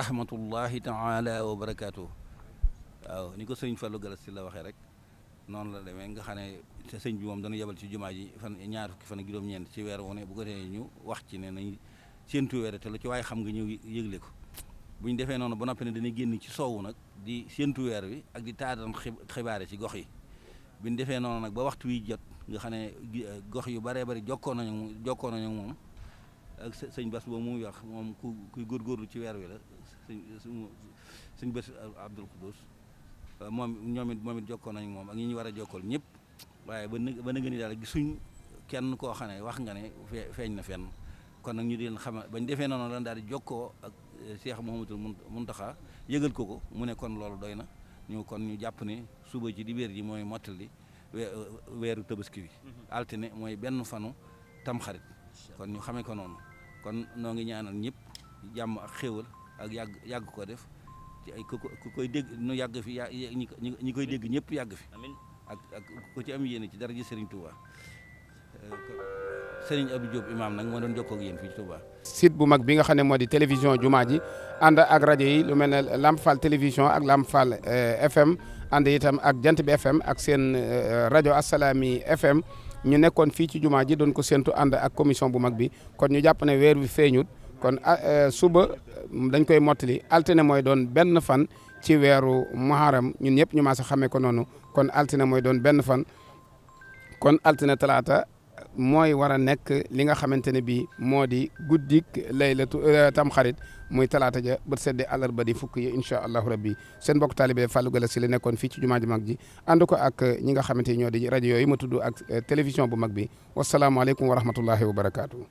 rahmatullahi taala wa barakaatu waaw ni ko sëñ Fallou Galas si la waxee rek noonu la demee nga xam ne sëñ bi moom dana yebal ci jumaa ji fan ñaar fukki fan juróom-ñeent ci weer wu ne bu ko defee ñu wax ci ne nañ séentu weer te lu ci waaye xam nga ñëw yëgle ko bu ñu defee noonu ba noppi ne dana génn ci soowu nag di séentu weer bi ak di taatan xibaare ci gox yi bu ñu defee noonu nag ba waxtu wi jot nga xam ne gox yu baree bari jokkoo nañu jokkoo nañu moom ak sëñ Bas boobu muy wax moom ku kuy góorlu ci weer wi la suñ suñu suñ bés Abdul Kudus euh, moom ñoomit it moom it jokkoon nañ moom ak ngi ñu war a jokkool ñëpp waaye ba na ba na gën daal gisuñ kenn koo xam ne wax nga ne feeñ na fenn kon nag ñu di xam xama bañ defee noonu lan daal di jokkoo ak euh, Cheikh Mouhamadoul Mountakha yëgal ko ko mu ne kon loolu doy na ñu kon ñu jàpp ne suba ci dibéer ji mooy mottali euh, weeru tabaski bi mhm. altine mooy benn fanu tamxarit kon ñu xamee ko noonu kon noo ngi ñaanal ñëpp jàmm ak xéewal ak yàgg yàgg ko def ci ay ku koy dégg nu yàgg fi ñi koy dégg ñëpp yàgg fi ak ak ku ci am yéene ci dara ji Serigne Touba euh, Serigne Abdou Diop imam nag moo doon jokkoo ak yéen fii ci Touba. site bu mag bi nga xam ne moo di télévision Jumaa ji ànd ak rajo yi lu mel ne Lamp Fall télévision ak Lamp Fall euh, FM ànd itam ak Jant bi FM ak seen euh, rajo Assalaamy FM ñu nekkoon fii ci Jumaa ji doon ko séntu ànd ak commission bu mag bi kon ñu jàpp ne weer wi feeñut. kon ah, eh, suba mm, dañ koy mottali altine mooy doon benn fan ci weeru muharam ñun ñëpp ñu maa sa xamee ko noonu kon altine mooy doon benn fan kon altine talaata mooy war a nekk li nga xamante ne bii moo di guddik eh, tam xarit muy talaata ja bët sedde àllarba di fukk yi incha allahu rabbi seen mbokk taalibe Fallou Galass la nekkoon fii ci jumaa ji mag ji ànd ko ak ñi nga xamante ni ñoo di rajo yooyu ma tudd ak eh, télévision bu mag bi wasalaamualeykum wa rahmatullahi barakaatu.